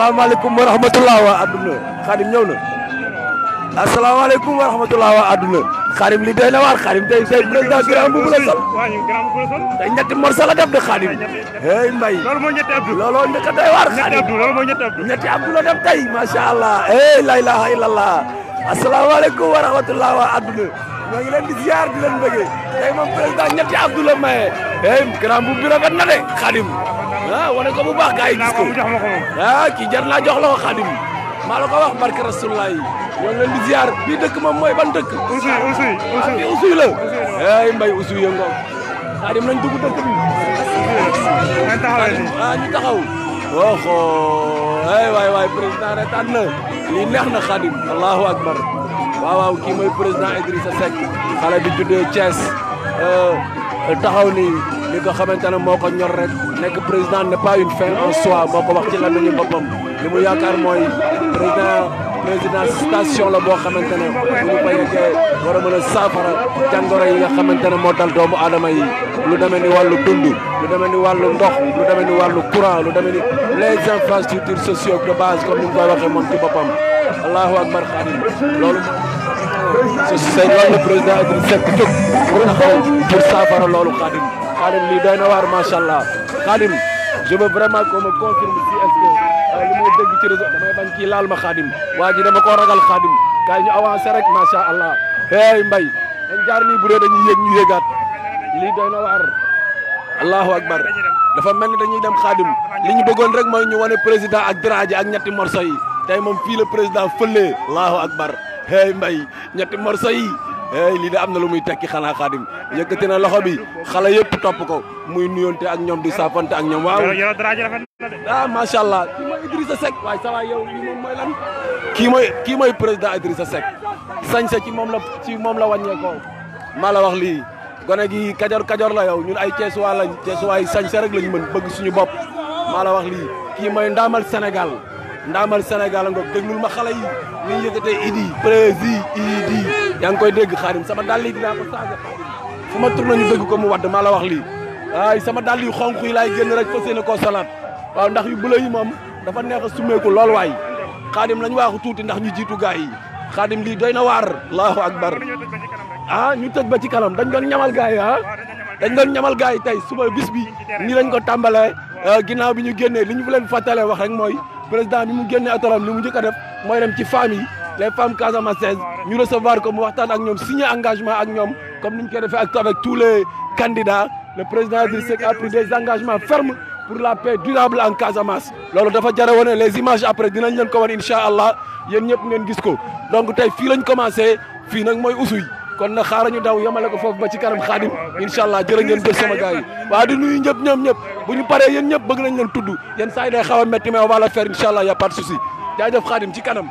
Assalamualaikum warahmatullahi wabarakatuh, Karim adduna xaadim ñëw na asalaamaaleykum wa rahmatullah wa adduna xaadim li doy na waar xaadim tey say président grand bu la sol tey ñetti morsa la def de hey mbay abdou doy abdou abdou la def allah hey la ilaha illallah asalaamaaleykum wa leen di ziar di leen bëggee tey moom président ñetti abdou la maye hey bu bi rafet na kan, de waaw ah, wane ko bu baax gars yi gis ko ah, jar naa jox la ko xaadim maa la ko wax barke rasulullah yi ñoo leen bii dëkk moom mooy ban dëkk a usuy usuy usuy la mbay usuy yëngo xaadim nañ dugg dëkk bi a ah, ñu taxaw oxo ay waay waay président retaan na neex na xaadim allahu akbar waaw waaw kii mooy président Idrissa Seck xale bi juddee Thiès euh, taxaw nii li nga xamante ne ko ñor rek nekk président n'est pas une fin en soi moo ko wax ci lamiñu boppam li mu yaakaar mooy président président station la bo xamantene ne bu ñu ko yeggee war a mën a yi nga xamantene mo dal doomu aadama yi lu demee ni wàllu dund lu demee ni wàllu ndox lu demee ni wàllu courant lu demee ni les infrastructures sociaux de base comme ni ko waxe waxee ci bopam allahu akbar xaadim loolu c'est loolu le président Idrissa Seck jóg pour taxaw pour saafara loolu xaadim xaadim lii doy na waar macha allah xaadim je veux vraiment qu'on me confirme si est ce que li may dégg ci réseau damay bañ kii laal ma xaadim waa ji dama ko ragal xaadim kaay ñu avancé rek macha allah hey mbay dañ jaar nii bu dee dañuy yéeg ñu yéegaat lii doy na waar allahu akbar dafa mel ni dañuy dem xaadim li ñu bëggoon rek mooy ñu wane président ak Dira ak ñetti morso yi tey moom fii la président fëlee allahu akbar hey mbay ñetti morso yi lii de am na lu muy tekki xanaa xaadim yëkkati na loxo bi xale yëpp topp ko muy nuyonte ak ñoom di saafante ak ñoom waaw. ah macha allah kii mooy Idrissa Seck waaye ça va mooy kii mooy kii mooy président Idrissa Seck sañse ci moom la ci moom la wàññeekoo maa la wax lii gone gi kajoor kajoor la yow ñun ay Ceesuwaa cees Ceesuwaay sañse rek lañ mën bëgg suñu bopp maa la wax lii kii mooy ndaamal Sénégal. ndaamal Sénégal ngoog déglul ma xale yi ni ñu idi prési idi yang ngi koy dégg sama dàll yi dinaa ko saaga fu ma tur nañu ko mu la wax ay sama dàll yu xonq yi laay génn rek fas yéene koo salaat waaw ndax yu bëla yi moom dafa neex a summeeku lool waay xaadim lañ waaxu tuuti ndax ñu gaay yi doy na allahu akbar ah ñu tëj ba ci kanam dañ doon ñamal gaay yi ah dañ doon ñamal gaay yi suba bis bi nii lañ ko tàmbalee ah, ginnaaw bi ñu génnee li ñu leen fàttalee wax rek président bi mu génnee otolam li mu njëkk a def mooy dem ci femmes yi les femmes casamançaises ñu recevoir ko waxtaan ak ñoom signé engagement ak ñoom comme ni ñu koy defee ak tous les candidats le président Idriss Seck a pris des engagements fermes pour la paix durable en Casamance. loolu dafa jare woon les images après dinañ leen ko wan incha allah yéen ñëpp ngeen gis ko donc tey fii lañ commencé fii nag mooy usuy kon na xaaral ñu daw yemale ko foofu ba ci kanam xaadim incha allah jërë ngeen jëf sama gars yi waa di nuyu ñëpp ñoom ñëpp bu ñu paree yéen ñëpp bëgg nañ leen tudd yéen saa yi day xaw a métti mais la faire incha allah y a pas de souci jaajëf xaadim ci kanam